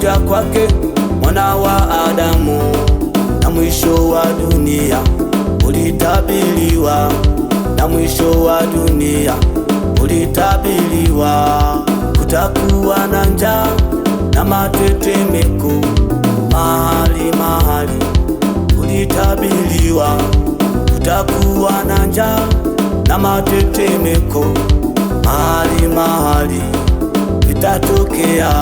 kuja kwake mwana wa Adamu, na mwisho wa dunia ulitabiliwa na mwisho wa dunia ulitabiliwa Kutakuwa na njaa na matetemeko mahali mahali, ulitabiliwa Kutakuwa na njaa na matetemeko mahali mahali, vitatokea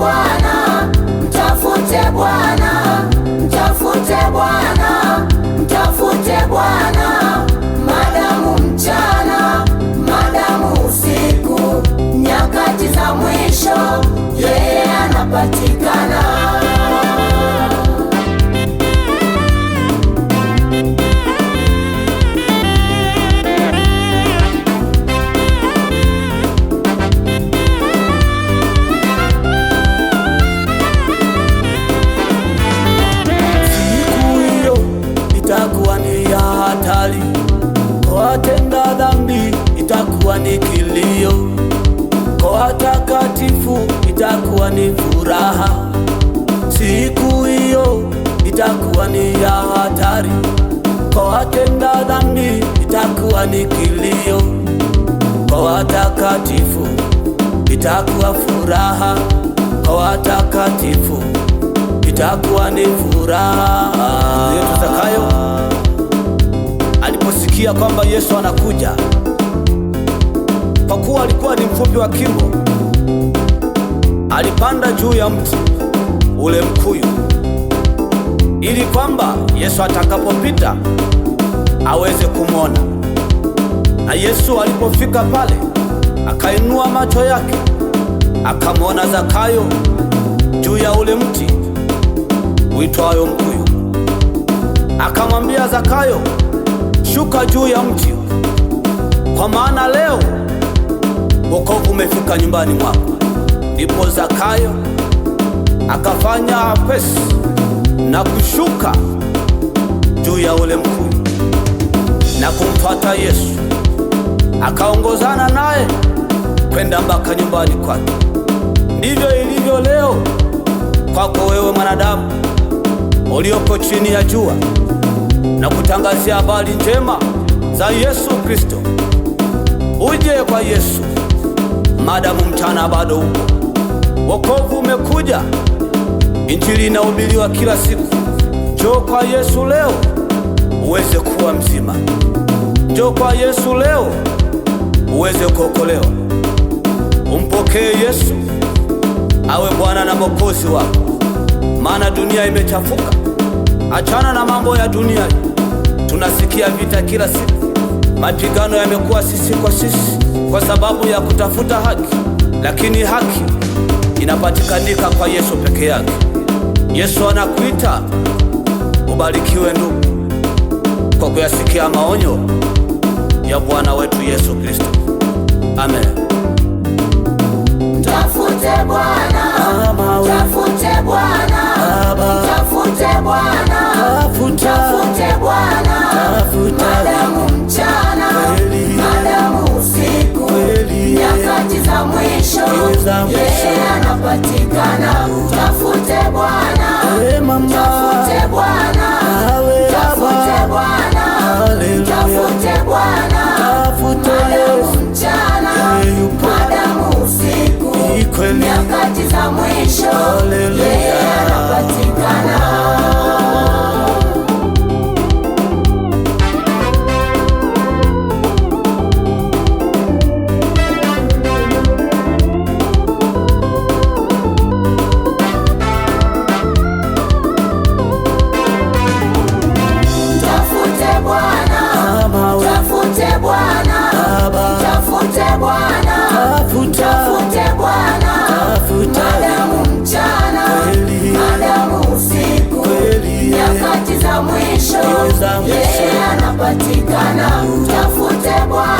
Bwana, mtafute Bwana. moyo kwa takatifu, itakuwa ni furaha. Siku hiyo itakuwa ni ya hatari kwa watenda dhambi, itakuwa ni kilio. Kwa watakatifu itakuwa furaha, kwa watakatifu itakuwa ni furaha. Ndiyo aliposikia kwamba Yesu anakuja kwa kuwa alikuwa ni mfupi wa kimo, alipanda juu ya mti ule mkuyu, ili kwamba Yesu atakapopita aweze kumwona. Na Yesu alipofika pale, akainua macho yake, akamwona Zakayo juu ya ule mti uitwayo mkuyu. Akamwambia Zakayo, shuka juu ya mti, kwa maana leo wokovu umefika nyumbani mwako. Ndipo Zakayo akafanya pesi na kushuka juu ya ule mkuu na kumfuata Yesu, akaongozana naye kwenda mpaka nyumbani kwake. Ndivyo ilivyo leo kwako wewe mwanadamu uliopo chini ya jua, na kutangazia habari njema za Yesu Kristo. Uje kwa Yesu madamu mchana bado upo. Wokovu umekuja, injili inahubiriwa kila siku. Njoo kwa Yesu leo uweze kuwa mzima. Njoo kwa Yesu leo uweze kuokolewa. Umpokee Yesu awe Bwana na Mwokozi wako, maana dunia imechafuka. Achana na mambo ya dunia. Tunasikia vita kila siku, mapigano yamekuwa sisi kwa sisi kwa sababu ya kutafuta haki, lakini haki inapatikanika kwa Yesu peke yake. Yesu anakuita ubarikiwe ndugu, kwa kuyasikia maonyo ya Bwana wetu Yesu Kristo. Amen. Tafute Bwana, tafute Bwana, tafute Bwana, tafute Bwana. patikana, mtafute Bwana.